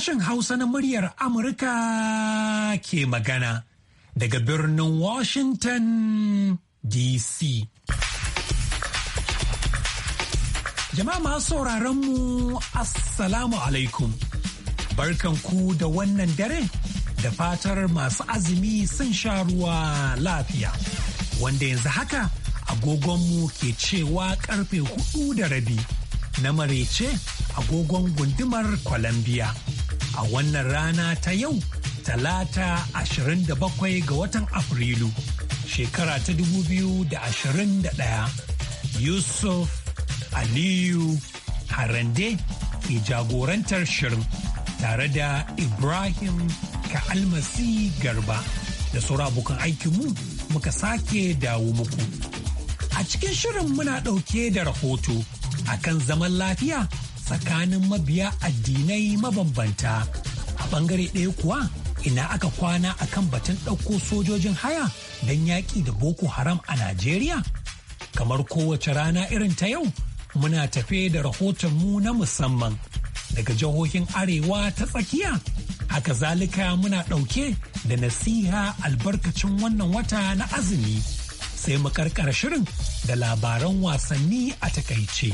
sashen Hausa na muryar Amurka ke magana daga birnin Washington DC. Jama'a masu sauraron mu Assalamu alaikum. Barkanku da wannan dare da fatar masu azumi sun sha ruwa lafiya. Wanda yanzu haka agogonmu ke cewa karfe hudu da rabi na marece agogon gundumar Colombia. a wannan rana ta yau talata 27 ga watan Afrilu shekara ta 2021 Yusuf Aliyu Harande ke jagorantar shirin tare da Ibrahim ka Almasi Garba da sauran abokan aikinmu muka sake dawo muku. A cikin shirin muna ɗauke da rahoto akan zaman lafiya tsakanin mabiya addinai mabambanta a bangare ɗaya kuwa ina aka kwana a kan batun ɗauko sojojin haya don yaƙi da boko haram a najeriya kamar kowace rana irin ta yau muna tafe da rahoton mu na musamman daga jihohin arewa ta tsakiya haka zalika muna ɗauke da nasiha albarkacin wannan wata na azumi sai mu karkara shirin da labaran wasanni a takaice.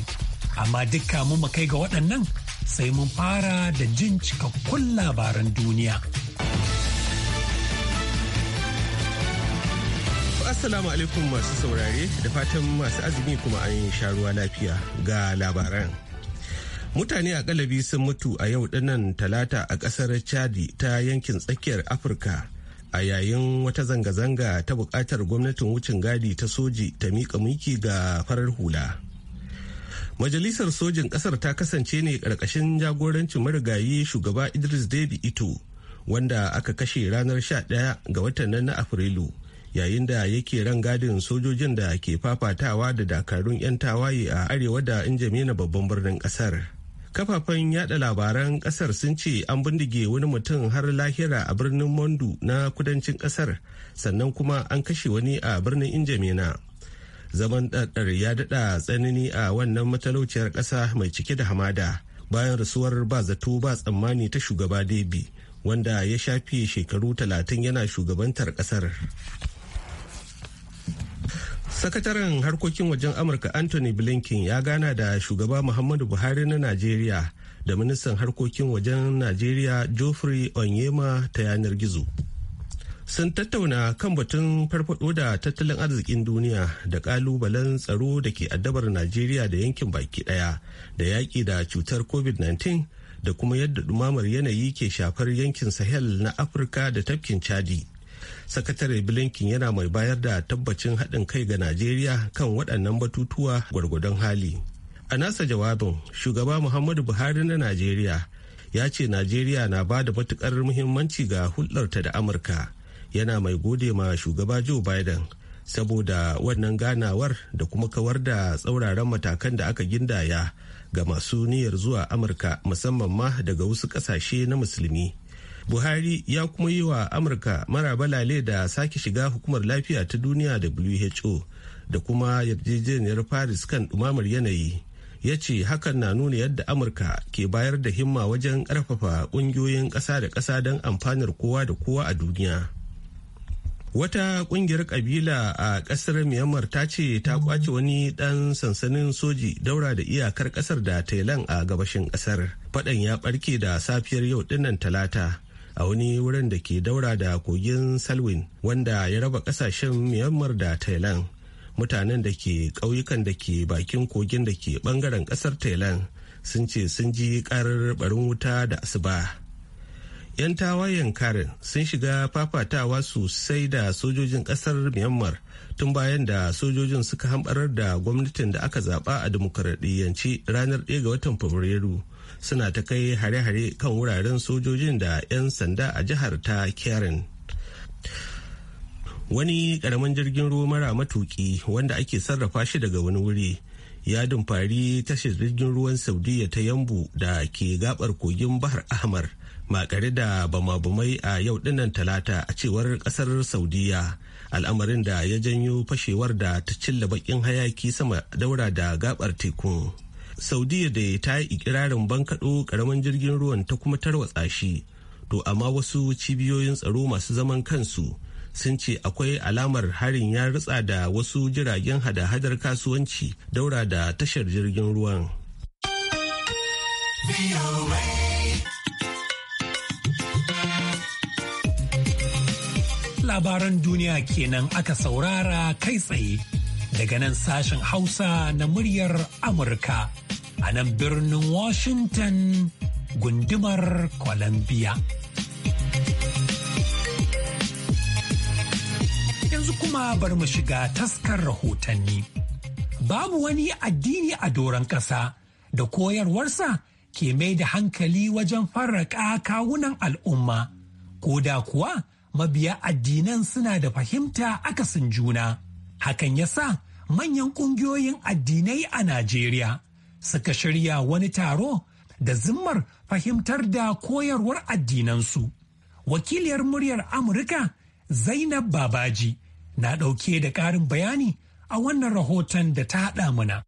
amma dukka mu mu kai ga waɗannan sai mun fara da jin cikakkun labaran duniya. Assalamu alaikum masu saurare da fatan masu azumi kuma an sha ruwa lafiya ga labaran. Mutane a galabi sun mutu a yau dinnan talata a ƙasar Chadi ta yankin tsakiyar Afirka a yayin wata zanga-zanga ta buƙatar gwamnatin wucin gadi ta soji ta miƙa miki ga farar hula. Majalisar sojin ƙasar ta kasance ne ƙarƙashin jagorancin marigayi shugaba Idris Deby Ito, wanda aka kashe ranar 11 ga watan nan na Afrilu, yayin da yake rangadin sojojin da ke fafatawa da dakarun 'yan tawaye a arewa da na babban birnin ƙasar. kafafen yada labaran kasar sun ce an bindige wani mutum har lahira a birnin mondu na kudancin kasar sannan kuma an kashe wani a birnin injamina zaman ɗaɗɗar ya daɗa tsanani a wannan matalauciyar ƙasa mai cike da hamada bayan rasuwar ba zato ba tsammani ta shugaba debi wanda ya shafi shekaru talatin yana shugabantar ƙasar sakataren harkokin wajen amurka anthony blinken ya gana da shugaba muhammadu buhari na najeriya da ministan harkokin wajen najeriya geoffrey onyema ta yanar gizo sun tattauna kan batun farfado da tattalin arzikin duniya da kalubalen tsaro da ke addabar najeriya da yankin baki daya da yaƙi da cutar covid-19 da kuma yadda dumamar yanayi ke shafar yankin sahel na afirka da tafkin chadi sakatare blinken yana mai bayar da tabbacin haɗin kai ga najeriya kan waɗannan batutuwa gwargwadon hali a nasa jawabin shugaba muhammadu buhari na najeriya ya ce najeriya na ba da matuƙar muhimmanci ga hulɗarta da amurka yana mai gode ma shugaba joe biden saboda wannan ganawar da kuma kawar da tsauraran matakan da aka gindaya ga masu niyyar zuwa amurka musamman ma daga wasu kasashe na musulmi buhari ya kuma yi wa amurka mara balale da sake shiga hukumar lafiya ta duniya who da kuma yarjejeniyar paris kan ɗumamar yanayi ya ce hakan na nuna yadda amurka ke bayar da himma wajen ƙarfafa ƙungiyoyin ƙasa da ƙasa don amfanar kowa da kowa a duniya Wata kungiyar kabila a kasar Myanmar ta ce ta kwace wani dan sansanin soji daura da iyakar kasar da Thailand a gabashin kasar. Fadan ya barke da safiyar yau dinnan talata a wani wurin da ke daura da kogin Salwin wanda ya raba kasashen Myanmar da Thailand. Mutanen da ke ƙauyukan da ke bakin kogin da ke bangaren kasar Thailand sun ce sun ji karar barin wuta da asuba. 'yan tawayen karin sun shiga fafatawa sosai da sojojin kasar myanmar tun bayan da sojojin suka hambarar da gwamnatin da aka zaba a demokuraɗiyyance ranar 1 ga watan fabrairu suna ta kai hare-hare kan wuraren sojojin da 'yan sanda a jihar ta karen wani karamin jirgin ruwa mara matuki wanda ake sarrafa shi daga wani wuri ya dumfari tashar jirgin ruwan saudiya ta yambu da ke gabar kogin bahar ahmar makare da bama a yau dinnan talata a cewar kasar saudiya al'amarin da ya janyo fashewar da ta cilla bakin hayaki sama daura da gabar teku. saudiya da ta yi ikirarin bankaɗo karamin jirgin ruwan ta kuma tarwatsa shi to amma wasu cibiyoyin tsaro masu zaman kansu sun ce akwai alamar harin ya ritsa da wasu jiragen hada-hadar kasuwanci daura da tashar jirgin ruwan. labaran duniya kenan aka saurara kai tsaye daga nan sashen Hausa na muryar Amurka a nan birnin Washington gundumar Columbia. Yanzu kuma bar mu shiga taskar rahotanni. Babu wani addini a doron ƙasa da koyarwarsa ke mai da hankali wajen farraka kawunan al'umma, ko da kuwa mabiya addinan suna da fahimta akasin juna. Hakan ya sa manyan ƙungiyoyin addinai a Najeriya suka shirya wani taro da zimmar fahimtar da koyarwar addinansu. Wakiliyar muryar Amurka Zainab Babaji na ɗauke da ƙarin bayani a wannan rahoton da ta haɗa mana.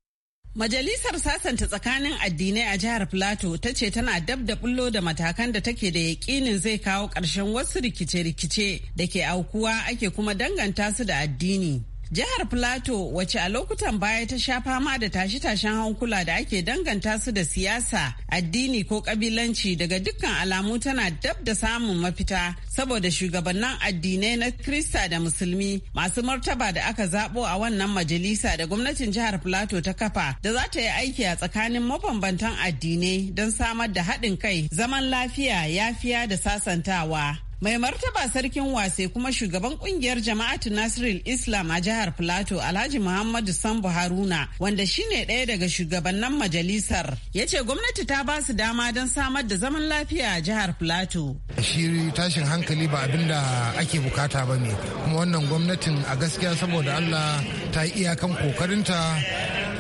Majalisar sasanta tsakanin addinai a jihar Plateau ta ce tana dab da bullo da matakan da take da yaƙinin zai kawo ƙarshen wasu rikice-rikice da ke aukuwa ake kuma danganta su da addini. Jihar Plateau wace a lokutan baya ta sha fama da tashe-tashen hankula da ake danganta su da siyasa, addini ko kabilanci daga dukkan alamu tana dab da samun mafita saboda shugabannin addinai na Krista da Musulmi masu martaba da aka zabo a wannan majalisa da gwamnatin jihar Plateau ta kafa da za ta yi aiki a tsakanin mabambantan addinai don samar da haɗin kai, zaman lafiya, yafiya da sasantawa. Mai martaba sarkin wase kuma shugaban kungiyar jama'atu Nasiril Islam a jihar plato Alhaji Muhammadu Sambu Haruna wanda shine ɗaya daga shugabannin majalisar ya ce gwamnati ta ba su dama don samar da zaman lafiya a jihar Filato. Shi tashin hankali ba abin da ake bukata ba ne kuma wannan gwamnatin a gaskiya saboda Allah ta yi iyakan kokarinta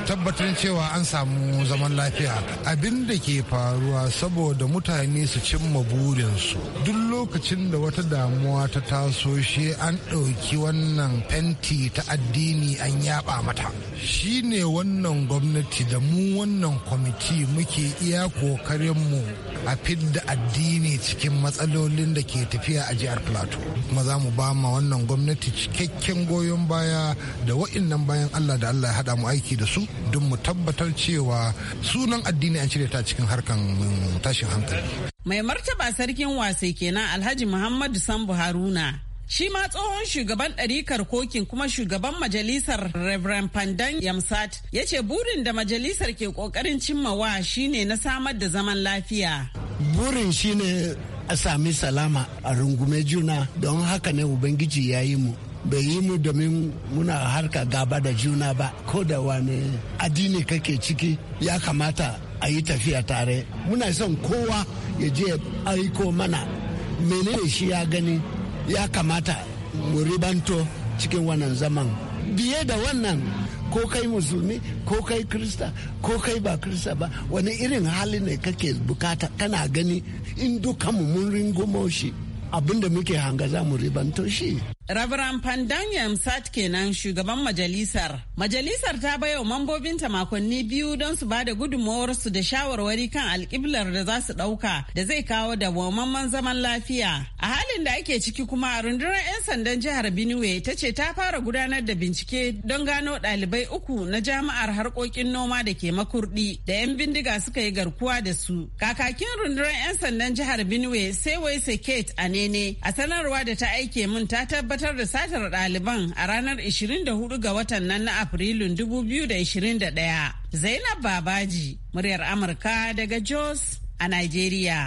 tabbatar cewa an samu zaman lafiya abin da ke faruwa saboda mutane su cimma burinsu duk lokacin da wata damuwa ta taso shi an ɗauki wannan fenti ta addini an yaba mata shi ne wannan gwamnati da mu wannan kwamiti muke iya kokarin mu a fidda addini cikin matsalolin da ke tafiya a jihar plateau kuma za mu ba ma wannan gwamnati cikakken goyon baya da wa'innan bayan allah da allah ya haɗa mu aiki da su don mu tabbatar cewa sunan addini an cire ta cikin harkan tashin hankali mai martaba sarkin wasai kenan alhaji Muhammadu Sambu Haruna. Shi ma tsohon shugaban ɗarikar kokin kuma shugaban majalisar Reverend Pandan Yamsat ya ce burin da majalisar ke ƙoƙarin cimmawa shine na samar da zaman lafiya. Burin shine a sami salama a rungume juna don haka ne Ubangiji ya yi mu. bai yi mu domin muna harka gaba da juna ba ko da wani addini kake ciki ya kamata a yi tafiya tare muna son kowa ya je aiko mana menene shi ya gani ya kamata mu ribanto cikin wannan zaman biye da wannan ko kai musulmi ko kai krista ko kai ba krista ba wani irin hali ne kake bukata kana gani in dukanmu mun ringo shi abinda muke hanga za mu ribanto shi Rabaran Pandanyam Sat kenan shugaban majalisar. Majalisar ta bayo mambobinta makonni biyu don su ba da gudunmawarsu da shawarwari kan alkiblar da za su ɗauka da zai kawo da wamamman zaman lafiya. A halin da ake ciki kuma rundunar 'yan sandan jihar Benue ta ce ta fara gudanar da bincike don gano ɗalibai uku na jami'ar harkokin noma da ke makurdi da 'yan bindiga suka yi garkuwa da su. Kakakin rundunar 'yan sandan jihar Benue sai wai Kate Anene a sanarwa da ta aike mun ta tabbatar gabatar da satar ɗaliban a ranar 24 ga watan nan na Afrilun 2021. Zainab Babaji, muryar Amurka daga Jos a Najeriya.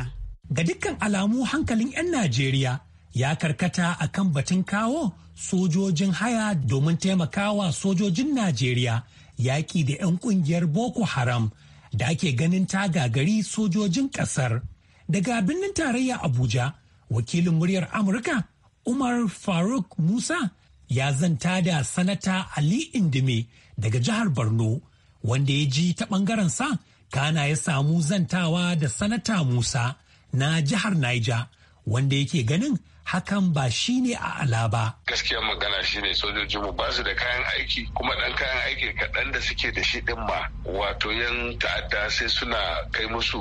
Ga dukkan alamu hankalin 'yan Najeriya ya karkata a kan batun kawo sojojin haya domin taimakawa sojojin Najeriya yaƙi da 'yan ƙungiyar Boko Haram da ake ganin taga gari sojojin ƙasar. Daga birnin tarayya Abuja, wakilin muryar Amurka Umar Faruk Musa ya zanta da Sanata Ali Indime daga jihar Borno wanda ya ji ta ɓangarensa kana ya samu zantawa da Sanata Musa na jihar Niger wanda yake ganin hakan ba shi ne a ala ba. Gaskiya magana shi ne sojojinmu ba su da kayan aiki kuma ɗan kayan aiki kaɗan da suke da shi ɗin ma wato yan ta'adda sai suna kai musu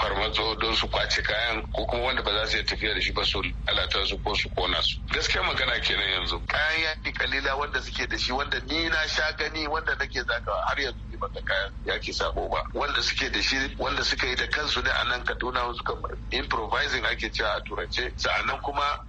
farmatso don su kwace kayan ko kuma wanda ba za su iya tafiya da shi ba su alatarsu ko su kona su. Gaskiya magana kenan yanzu kayan yaki kalila wanda suke da shi wanda ni na sha gani wanda nake zakawa har yanzu ni ba kayan yaki sabo ba wanda suke da shi wanda suka yi da kansu ne a nan Kaduna suka improvising ake cewa a turance sa'annan kuma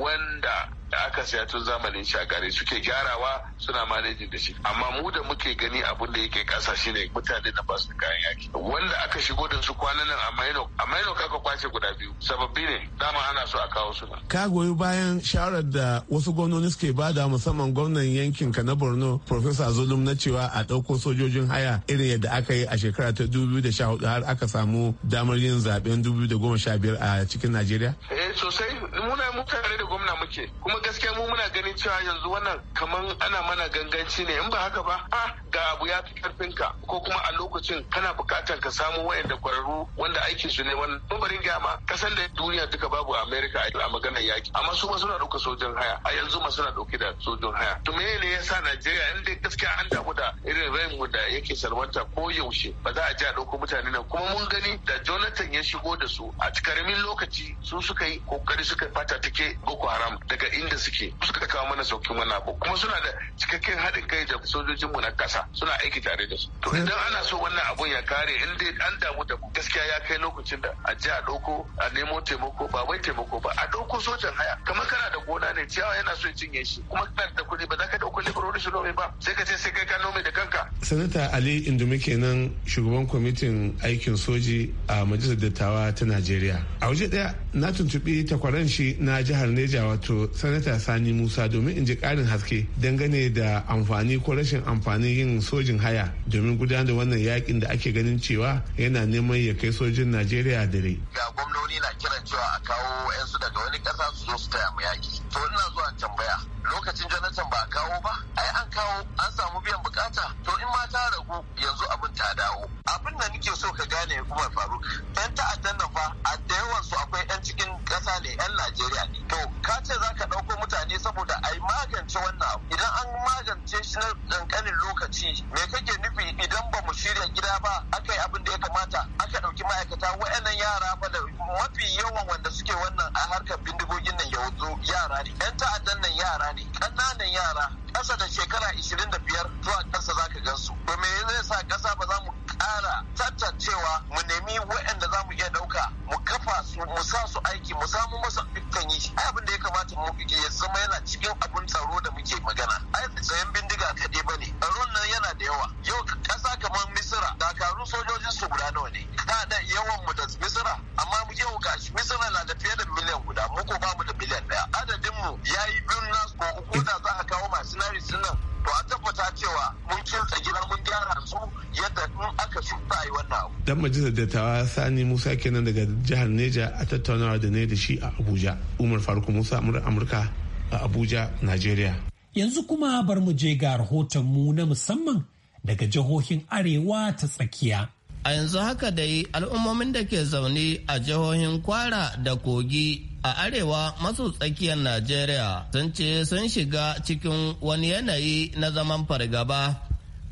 wanda da aka siya tun zamanin shagari suke gyarawa suna manejin da shi amma mu da muke gani abin da yake kasa ne mutane da basu kayan yaki wanda aka shigo da su kwanan nan a maino a maino kaka kwace guda biyu sababbi ne dama ana so a kawo su ka goyi bayan shawarar da wasu gwamnoni suke bada musamman gwamnan yankin ka na borno professor zulum na cewa a ɗauko sojojin haya irin yadda aka yi a shekara ta hudu har aka samu damar yin zaben biyar a cikin najeriya eh sosai muna mutane da gwamna muke kuma gaskiya mu muna ganin cewa yanzu wannan kaman ana mana ganganci ne in ba haka ba a ah, ga abu ya fi karfin ka ko kuma a lokacin kana bukatar ka samu wayanda kwararru wanda aikin su ne wannan barin gama kasan da duniya duka babu America a maganar yaki amma su ma suna dauka sojin haya a yanzu ma suna dauke da sojin haya to me ne yasa Najeriya in dai gaskiya an damu da irin rain da yake salwanta ko yaushe ba za a ji a dauko mutane nan kuma mun gani da Jonathan ya shigo da su a karamin lokaci su suka yi kokari suka fata take boko haram daga inda suke suka kawo mana saukin wannan abu kuma suna da cikakken haɗin kai da sojojinmu na ƙasa suna aiki tare da su to idan ana so wannan abun ya kare in dai an damu da gaskiya ya kai lokacin da a je a ɗauko a nemo taimako ba wai taimako ba a ɗauko sojan haya kamar kana da gona ne ciyawa yana so ya cinye shi kuma kana da kuɗi ba za ka ɗauko leburori su nome ba sai ka ce sai kai ka nome da kanka. sanata ali indumi kenan shugaban kwamitin aikin soji a majalisar dattawa ta najeriya a waje ɗaya na tuntuɓi takwaran shi na jihar Neja wato Sanata Sani Musa domin in ji ƙarin haske dangane da amfani ko rashin amfanin yin sojin haya domin gudanar da wannan yakin da ake ganin cewa yana neman ya kai sojin Najeriya dare. Ga gwamnoni na kiran cewa a kawo 'yansu daga wani ƙasa su zo su taya mu yaki. to ina zuwa tambaya lokacin jonathan ba a kawo ba ai an kawo an samu biyan bukata to in ma ta ragu yanzu abin ta dawo abin da nake so ka gane kuma faruk yan ta'addan nan fa a da yawan su akwai yan cikin kasa ne yan najeriya ne to ka ce za ka ɗauko mutane saboda a magance wannan abu idan an magance shi na ƙanƙanin lokaci me kake nufi idan ba mu shirya gida ba aka yi abin da ya kamata aka ɗauki ma'aikata wa'annan yara ba da mafi yawan wanda suke wannan a harkar bindigogin nan yanzu yara ne yan ta'addan nan yara ne ƙananan yara ƙasa da shekara 25 zuwa ƙasa zaka su. to me zai sa ƙasa ba za mu ƙara tattacewa mu nemi waɗanda za mu iya ɗauka mu kafa su mu sa su aiki mu samu masa dukkan yi shi abin da ya kamata mu ya zama yana cikin abun tsaro da muke magana ai tsayen bindiga kaɗai ba ne tsaron nan yana da yawa yau ƙasa kamar misira dakarun sojojin su guda nawa ne ta da yawan mu da misira amma mu yau gashi misira na da fiye da miliyan guda mu ko ba mu da miliyan ɗaya adadin mu ya yi biyun nasu ko ko da za a kawo nari sun nan to a tabbata cewa mun kinsa gidan mun gyara su yadda in aka shuka yi wannan abu. Dan majalisar dattawa Sani Musa kenan daga jihar Neja a tattaunawa da ne da shi a Abuja. Umar Faruk Musa Amurka a Abuja, Najeriya. Yanzu kuma bar mu je ga rahoton mu na musamman daga jihohin Arewa ta tsakiya. a yanzu haka dai al'ummomin da ke zaune a jihohin kwara da kogi a arewa maso tsakiyar najeriya sun ce sun shiga cikin wani yanayi na zaman fargaba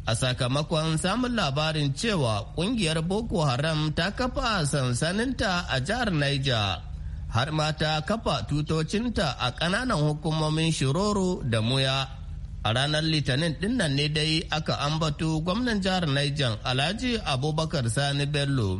a sakamakon samun labarin cewa kungiyar boko haram ta kafa sansaninta a jihar niger har ma ta kafa tutocinta a ƙananan hukumomin shiroro da muya A ranar Litinin dinnan ne dai aka ambato gwamnan jihar Niger Alhaji Abubakar Sani Bello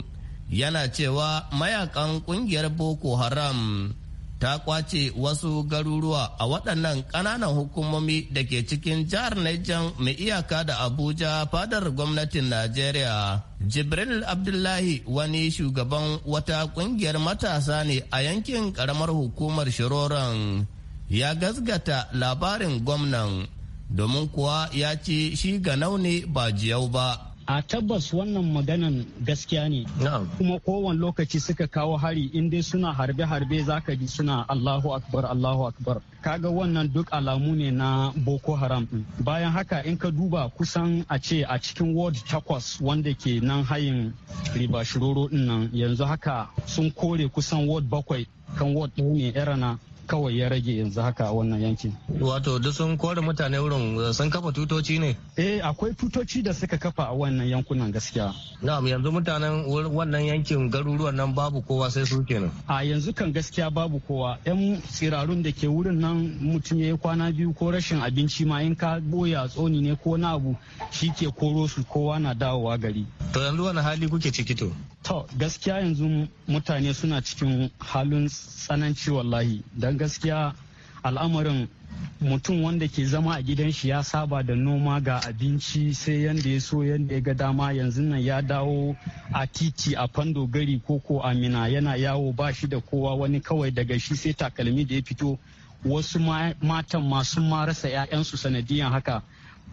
yana cewa mayakan kungiyar Boko Haram ta kwace wasu garuruwa a waɗannan ƙananan hukumomi da ke cikin jihar Niger mai iyaka da Abuja fadar gwamnatin Najeriya. Jibril Abdullahi wani shugaban wata kungiyar matasa ne a yankin ƙaramar hukumar Shiroran ya gazgata labarin gwamnan. domin kuwa ya ce shi ga ne ba jiyau ba a tabbas wannan maganan gaskiya ne kuma kowane lokaci suka kawo hari in dai suna harbe-harbe zaka ji suna allahu akbar allahu akbar kaga wannan duk alamu ne na boko haram bayan haka in ka duba kusan a ce a cikin ward takwas wanda ke nan hayin riba shiroro nan yanzu haka sun kore kusan ward bakwai kan ward ɗaya ne kawai ya rage yanzu haka a wannan yankin. Wato duk sun kore mutane wurin sun kafa tutoci ne? Eh akwai tutoci da suka kafa a wannan yankunan gaskiya. Na'am yanzu mutanen wannan yankin garuruwan nan babu kowa sai su kenan. A yanzu kan gaskiya babu kowa. Yan tsirarun da ke wurin nan mutum ya yi kwana biyu ko rashin abinci ma in ka boya tsoni ne ko na abu shi ke koro su kowa na dawowa gari. To yanzu wani hali kuke ciki to? To gaskiya yanzu mutane suna cikin halin tsananci wallahi don gaskiya al'amarin mutum wanda ke zama a gidan shi ya saba da noma ga abinci sai yanda ya so yanda ya ga dama yanzu nan ya dawo a titi a fando gari koko amina yana yawo ba shi da kowa wani kawai daga shi sai takalmi da ya fito wasu matan masu marasa 'ya'yansu sanadiyan haka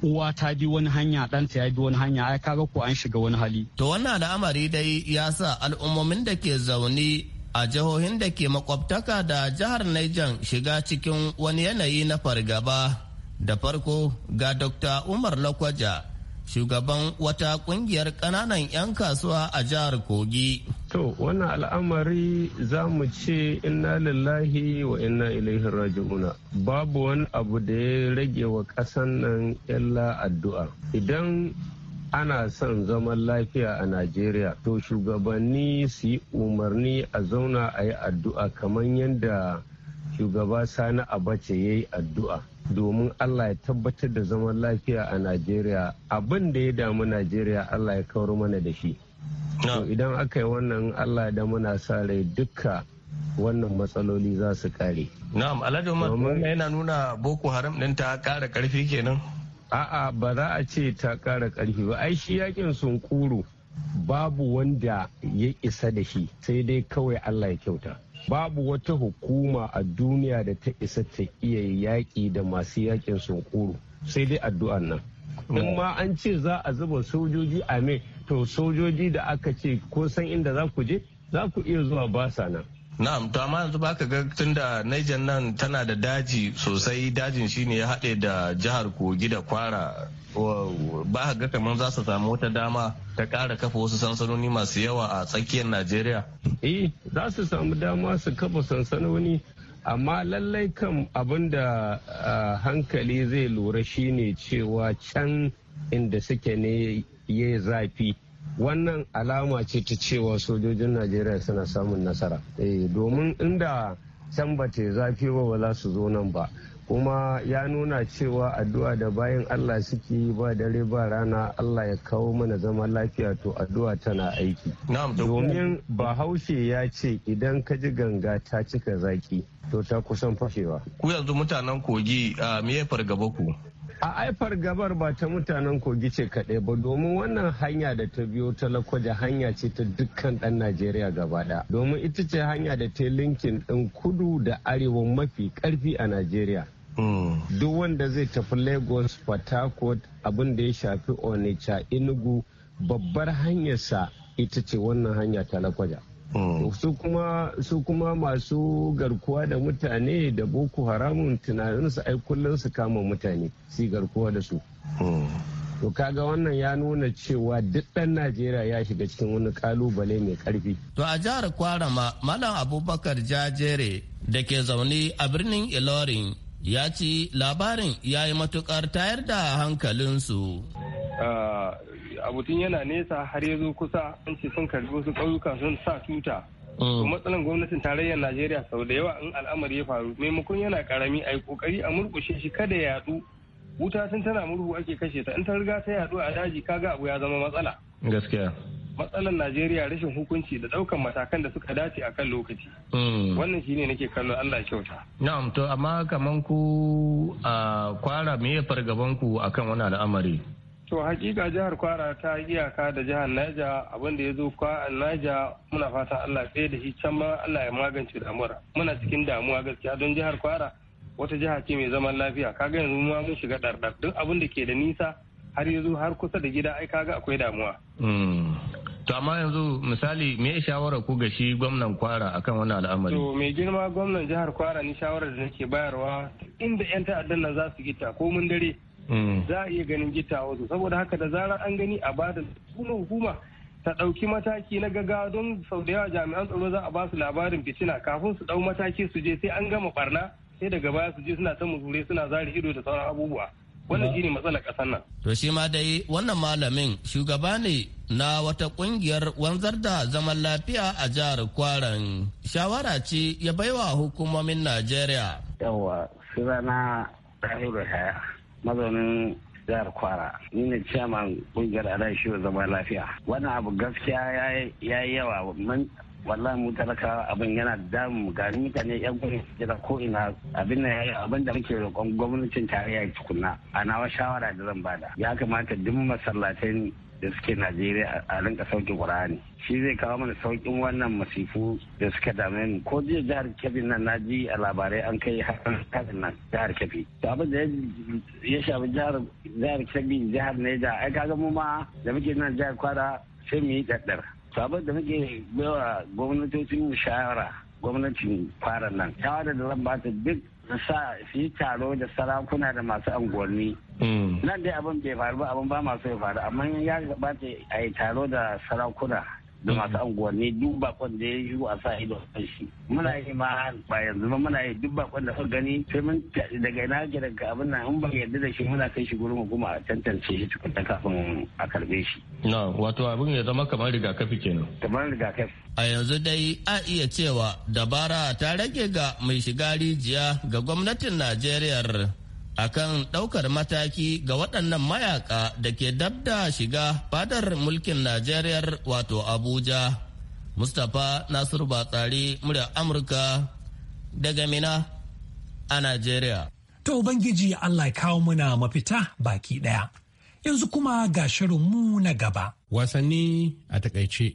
uwa ta bi wani hanya ɗanta ya bi wani hanya ai kaga ko an shiga wani hali. To wannan al'amari dai ya sa al'ummomin da ke zaune a jihohin da ke makwabtaka da jihar Niger shiga cikin wani yanayi na fargaba. Da farko ga Dr. Umar Lakwaja, shugaban wata kungiyar ƙananan 'yan kasuwa a jihar Kogi. To wannan al'amari za mu ce inna lillahi wa inna ilaihi raji'una babu wani abu da ya rage wa ƙasan nan illa addu'a. Idan ana son zaman lafiya a Najeriya to shugabanni su yi umarni a zauna a yi addu'a kamar yadda shugaba sani abace ya yi addu'a. domin Allah ya tabbatar da zaman lafiya a Najeriya abin da ya damu Najeriya Allah ya kawar mana da shi idan aka yi wannan allah da muna sa rai duka wannan matsaloli za su kare na'am alhaji umar yana nuna boko haram din ta kara karfi kenan a'a ba za a ce ta kara karfi ba ai shi yakin sunkuru babu wanda ya isa da shi sai dai kawai allah ya kyauta babu wata hukuma a duniya da ta isa ta iya yaƙi da masu yaƙin sunkuru sai dai addu'an nan in ma an ce za a zuba sojoji a mai to sojoji da aka ce ko san inda za ku je za ku iya zuwa basa nan Na'am, to amma yanzu baka ga tunda Niger nan tana da daji sosai dajin shine ya haɗe da jihar Kogi da Kwara. Ba ga kamar za su samu wata dama ta ƙara kafa wasu sansanoni masu yawa a tsakiyar Najeriya. Eh, za su samu dama su kafa sansanoni amma lallai kan abin da ah, hankali zai lura shine cewa can inda suke ne ya zafi wannan alama ce ta cewa sojojin najeriya suna samun nasara eh, domin inda can ba ta zafi ba ba za su zo nan ba kuma ya nuna cewa addu'a da bayan allah suke yi ba dare ba rana allah ya kawo mana zaman lafiya to addu'a tana aiki domin bahaushe ya ce idan ka ji ganga ta cika zaki to ta kusan fashewa ku yanzu mutanen kogi a ya fargaba ku a aifar gabar ba ta mutanen kogi ce kaɗai ba domin wannan hanya da ta biyo ta lakwaje hanya ce ta dukkan ɗan najeriya gaba ɗaya domin ita ce hanya da ta linkin ɗin kudu da arewa mafi ƙarfi a najeriya hmm. duk wanda zai tafi lagos port harcourt ya shafi onitsha inugu babbar hanyarsa ita ce wannan hanya ta lakwaja Mm. su kuma su kuma masu garkuwa da mutane da boko haramun tunaninsu ai kullum su kama mutane su garkuwa da su mm. to kaga wannan ya nuna cewa duk ɗan najeriya ya shiga cikin wani kalubale mai karfi to a jihar ma malam abubakar jajere da ke zaune a birnin ilorin ya ci labarin ya yi matukar tayar da hankalinsu ah, abutun yana nesa har ya zo kusa an ce sun karbi wasu ƙauyuka sun sa tuta to mm. matsalan gwamnatin tarayyar najeriya sau da yawa in al'amari ya faru maimakon yana karami a yi kokari a murkushe shi kada ya yadu wuta tun tana murhu ake kashe ta in ta riga ta yadu a daji kaga abu ya zama matsala gaskiya matsalan najeriya rashin hukunci da daukan matakan da suka dace a kan lokaci mm. wannan shine nake kallo allah kyauta na'am to amma kaman ku a kwara me fargaban ku akan wani al'amari To hakika jihar Kwara ta iyaka da jihar Naija abinda ya zo kwa Naija muna fata Allah tsaye da shi can ma Allah ya magance damuwar. Muna cikin damuwa gaskiya don jihar Kwara wata jiha ce mai zaman lafiya kaga yanzu ma mun shiga ɗarɗar duk abin da ke da nisa har yanzu har kusa da gida ai kaga akwai damuwa. Hmm. To amma yanzu misali me ya shawara ku ga shi gwamnan Kwara akan wannan al'amari? To mai girma gwamnan jihar Kwara ni shawarar da nake bayarwa inda 'yan ta'addan nan za su gita ko mun dare Mm. za a iya ganin gittawarsu saboda haka da zarar an gani a ba hukumar hukuma ta ɗauki mataki na gaga don sau da yawa jami'an tsaro za a ba su labarin fitina kafin su ɗau mataki su je sai an gama barna sai daga baya su je suna ta muzure suna zari ido da sauran abubuwa wannan shine matsalar ƙasar nan. to shi ma dai wannan malamin shugaba ne na wata ƙungiyar wanzar da zaman lafiya a jihar kwaran shawara ce ya baiwa hukumomin najeriya. yawa sunana ɗahiru haya mazaunin jihar kwara ni ne ciyaman kungiyar adashi wa zama lafiya wani abu gaskiya ya yi yawa wallahi mu talakawa abin yana damu ga mutane yan gudun jira ko ina abin yayi abin da muke roƙon gwamnatin tarayya tukunna a nawa shawara da zan bada ya kamata duk masallatai da suke najeriya a rinka sauke Kur'ani. shi zai kawo mana saukin wannan masifu da suka dame mu ko jiya jihar kebbi nan na ji a labarai an kai harin nan jihar kebbi to abin da ya shafi jihar jihar kebbi jihar neja ai kaga mu ma da muke nan jihar kwara sai mu yi ɗaɗɗar. to abin da muke baiwa gwamnatocin mu shawara gwamnatin kwara nan shawara da zan bata duk sa su yi taro da sarakuna da masu anguwanni Mm. nan dai abin bai faru ba abin ba masu ya faru amma ya gabata a yi taro da sarakuna da mm. masu unguwanni duk bakon da ya yi a sa ido a shi muna yi ma har ba yanzu ba muna yi duk bakon da kuka gani sai mun daga ina ke daga abin nan in ba yadda da shi muna kai shi gurin hukuma a tantance shi tukunta kafin a karbe shi na wato abin ya zama kamar rigakafi kenan kamar rigakafi a yanzu dai a iya cewa dabara ta rage ga mai shiga rijiya ga gwamnatin Najeriya akan ɗaukar mataki ga waɗannan mayaka da ke dab shiga fadar mulkin Najeriya wato Abuja. Mustapha Nasiru Batsari murya Amurka daga Mina a Najeriya. To Ubangiji Allah kawo muna mafita baki ɗaya. Yanzu kuma ga shirinmu na gaba. Wasanni a takaice.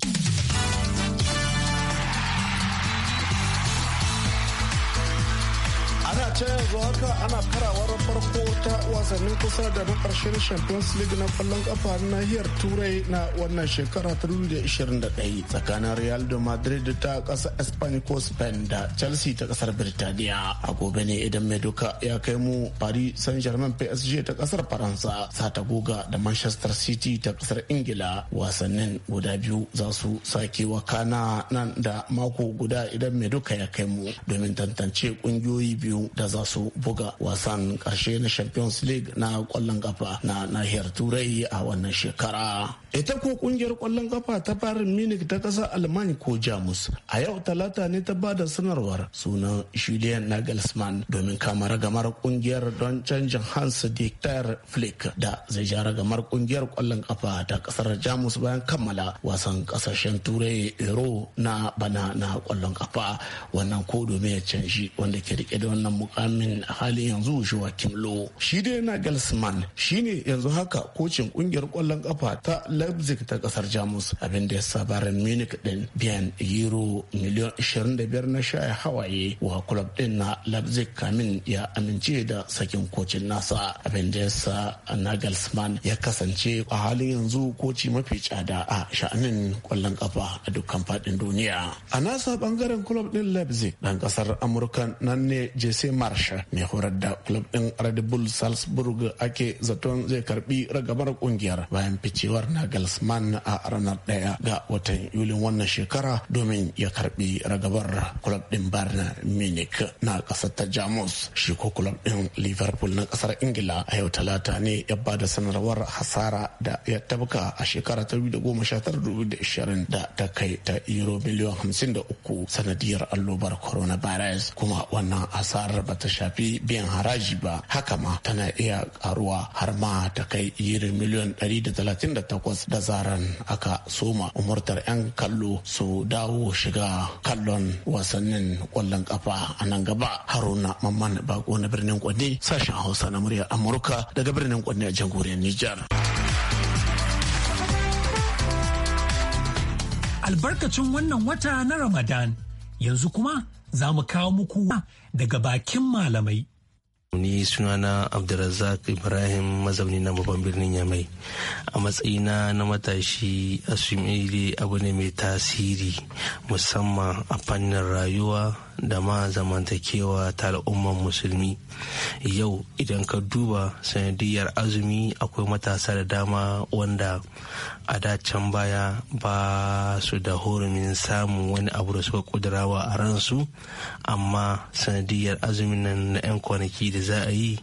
ce yanzu haka ana karawar farko ta wasannin kusa da na karshen champions league na kwallon kafa na nahiyar turai na wannan shekara ta 2021 tsakanin real de madrid ta kasa spain ko spain da chelsea ta kasar birtaniya a gobe ne idan mai duka ya kai mu paris saint germain psg ta kasar faransa sa ta goga da manchester city ta kasar ingila wasannin guda biyu za su sake wakana nan da mako guda idan mai duka ya kai mu domin tantance kungiyoyi biyu da za su buga wasan kashe na champions league na kwallon kafa na nahiyar turai a wannan shekara ita ko kungiyar kwallon kafa ta fara munich ta kasar alman ko jamus a yau talata ne ta bada sanarwar sunan julian nagelsmann domin kama ragamar kungiyar don canjin hans dieter flick da zai ja ragamar kungiyar kwallon kafa ta kasar jamus bayan kammala wasan kasashen turai euro na bana na kwallon kafa wannan ko domin ya canji wanda ke rike da wannan muka mukamin hali halin yanzu shuwa kimlo shi dai na galsman shine yanzu haka kocin kungiyar kwallon kafa ta leipzig ta kasar jamus abin da ya sa barin munich din biyan euro miliyan 25 na shaya hawaye wa club din na leipzig kamin ya amince da sakin kocin nasa abin da ya sa nagelsmann ya kasance a halin yanzu koci mafi tsada a sha'anin kwallon kafa a dukkan fadin duniya a nasa bangaren club din leipzig dan kasar amurka nan ne jesse marshal mai horar da club din red bull salzburg ake zaton zai karbi ragabar kungiyar bayan ficewar Galsman a ranar daya ga watan yulin wannan shekara domin ya karbi ragabar club din bayern munich na kasar ta jamus shi ko club din liverpool na kasar ingila a yau talata ne ya bada sanarwar hasara da ya tabka a shekara ta 2019 da ta kai ta euro miliyan 53 sanadiyar allobar coronavirus kuma wannan asarar Ba ta shafi biyan haraji ba haka ma tana iya karuwa har ma ta kai yirin miliyan 138 da zaran aka soma umurtar 'yan kallo su dawo shiga kallon wasannin kwallon kafa a nan gaba haruna mamman bako na birnin kwanne sashen hausa na murya amurka daga birnin kwanne a jamhuriyar nijar albarkacin wannan wata na ramadan yanzu kuma za mu kawo muku daga bakin malamai. Ni sunana Abdulrazak Ibrahim mazauni na babban birnin Yamai. A matsayina na matashi a abu ne mai tasiri musamman a fannin rayuwa da ma zamantakewa ta al'umman musulmi yau idan ka duba sanadiyar azumi akwai matasa da dama wanda a dacen baya ba su da horumin samun wani abu da suka kudurawa a ransu amma sanadiyar azumin nan na 'yan kwanaki da za a yi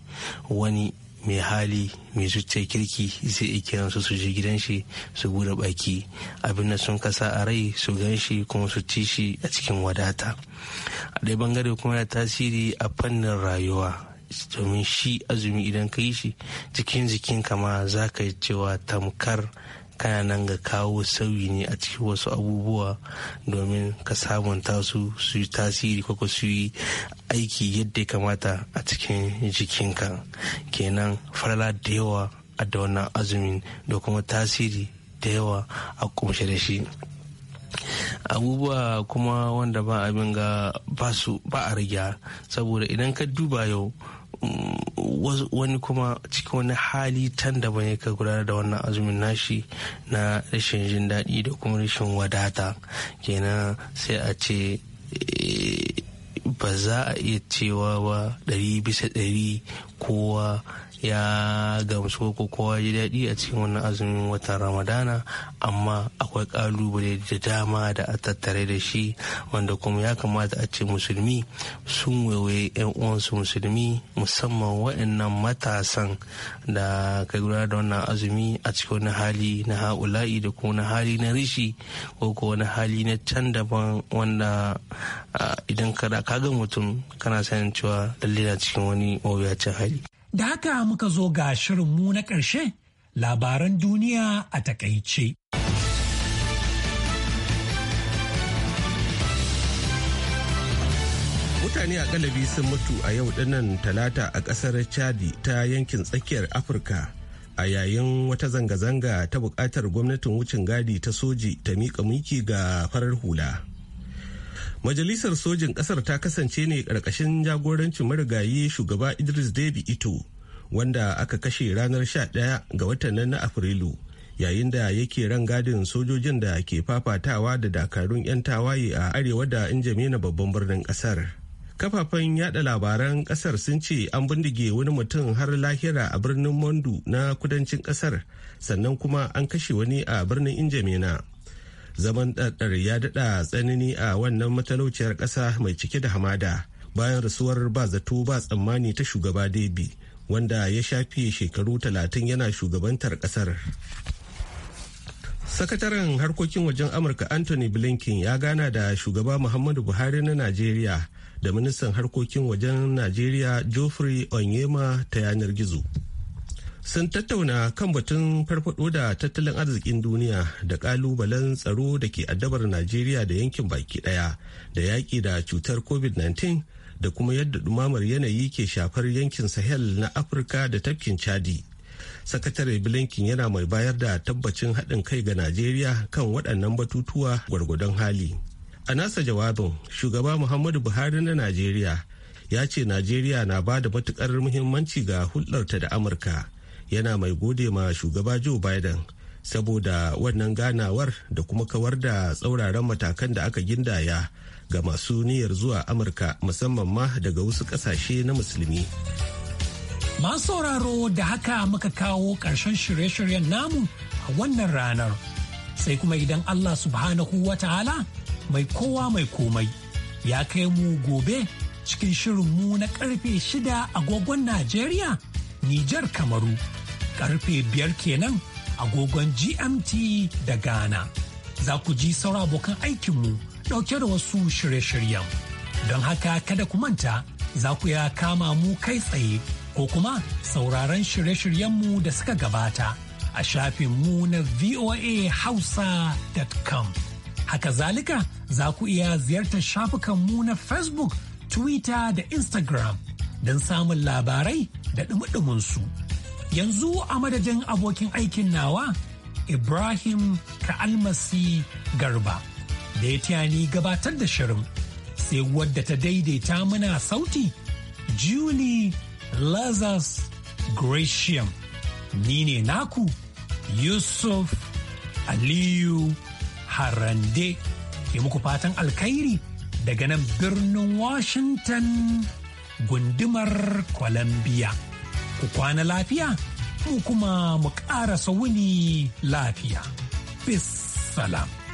wani mai hali mai zuciyar kirki zai iya kiran su su je gidan shi su bude baki abin da sun kasa a rai su gan shi kuma su ci shi a cikin wadata a ɗaya bangare kuma ya tasiri a fannin rayuwa domin shi azumi idan ka yi shi cikin jikin kama za ka yi cewa tamkar kana nan ga kawo sauyi ne a cikin wasu abubuwa domin ka sabunta su su yi tasiri ko su yi aiki yadda ya kamata a cikin jikinka kenan farla da yawa a da wannan azumin da kuma tasiri da yawa a kumshe da shi abubuwa kuma wanda ba abin ga ba a rigya saboda idan ka duba yau wani kuma cikin wani hali tan da bane ka gudanar da wannan azumin nashi na rashin jin daɗi da kuma rashin wadata kenan sai a ce eh, ba za a iya cewa ba ɗari bisa ɗari kowa ya gamsu ko kowa ji daɗi a cikin wannan azumin watan ramadana amma akwai kalubale da dama da a tattare da shi wanda kuma ya kamata a ce musulmi sun waiwaye 'yan uwansu musulmi musamman waɗannan matasan da ka gudanar da wannan azumi a cikin wani hali na ha'ula'i da kuma na hali na rishi ko kuma wani hali na can daban wanda idan ka ga mutum kana sanin cewa lallai na cikin wani mawuyacin hali Da haka muka zo ga mu na ƙarshe labaran duniya a takaice. Mutane a galibi sun mutu a yau dinnan talata a ƙasar Chadi ta yankin tsakiyar Afirka a yayin wata zanga-zanga ta buƙatar gwamnatin wucin gadi ta soji ta miƙa miki ga farar hula. Majalisar sojin ƙasar ta kasance ne ƙarƙashin jagorancin marigayi shugaba Idris Deby Ito, wanda aka kashe ranar 11 ga watan nan na Afrilu, yayin da yake ran gadin sojojin da ke fafatawa da dakarun 'yan tawaye a arewa da na babban birnin ƙasar. kafafen yada labaran ƙasar sun ce an bindige wani mutum har lahira a birnin mondu na kudancin ƙasar, sannan kuma an kashe wani a birnin injamina zaman ɗaɗɗar ya daɗa tsanani a wannan matalauciyar ƙasa mai cike da hamada bayan rasuwar ba zato ba tsammani ta shugaba debi wanda ya shafi shekaru talatin yana shugabantar ƙasar sakataren harkokin wajen amurka anthony blinken ya gana da shugaba muhammadu buhari na najeriya da ministan harkokin wajen najeriya geoffrey onyema ta yanar gizo sun tattauna kan batun farfado da tattalin arzikin duniya da kalubalen tsaro da ke addabar najeriya da yankin baki daya da yaƙi da cutar covid-19 da kuma yadda dumamar yanayi ke shafar yankin sahel na afirka da tafkin chadi sakatare blinken yana mai bayar da tabbacin haɗin kai ga najeriya kan waɗannan batutuwa gwargwadon hali a nasa jawabin shugaba muhammadu buhari na najeriya ya ce najeriya na ba da matukar muhimmanci ga hulɗarta da amurka yana mai gode ma shugaba joe biden saboda wannan ganawar da kuma kawar da tsauraran matakan da aka gindaya ga masu niyyar zuwa amurka musamman ma daga wasu kasashe na musulmi masu sauraro da haka muka kawo ƙarshen shirye-shiryen namu a wannan ranar sai kuma idan allah subhanahu wa ta'ala mai kowa mai komai ya kai mu gobe cikin shirin mu na karfe shida agogon najeriya Nijar Kamaru, karfe biyar kenan agogon GMT da Ghana. Za ku ji saura abokan aikinmu ɗauke da wasu shirye-shiryen. Don haka kada ku manta za ku ya kama mu kai tsaye ko kuma sauraron shirye-shiryenmu da suka gabata a shafin mu na voahausa.com. Haka zalika za ku iya ziyartar shafukanmu na Facebook, Twitter da Instagram don samun labarai da ɗumi su. Yanzu a madadin abokin aikin nawa Ibrahim Ka'almasi Garba da ya taya ni gabatar da shirin sai wadda ta daidaita mana sauti Julie Lazarus Gratiam. Ni ne naku Yusuf Aliyu Harande ke muku fatan alkhairi daga nan birnin Washington gundumar Columbia. ku kwana lafiya mu kuma mu ƙara wuni lafiya. Bis salam.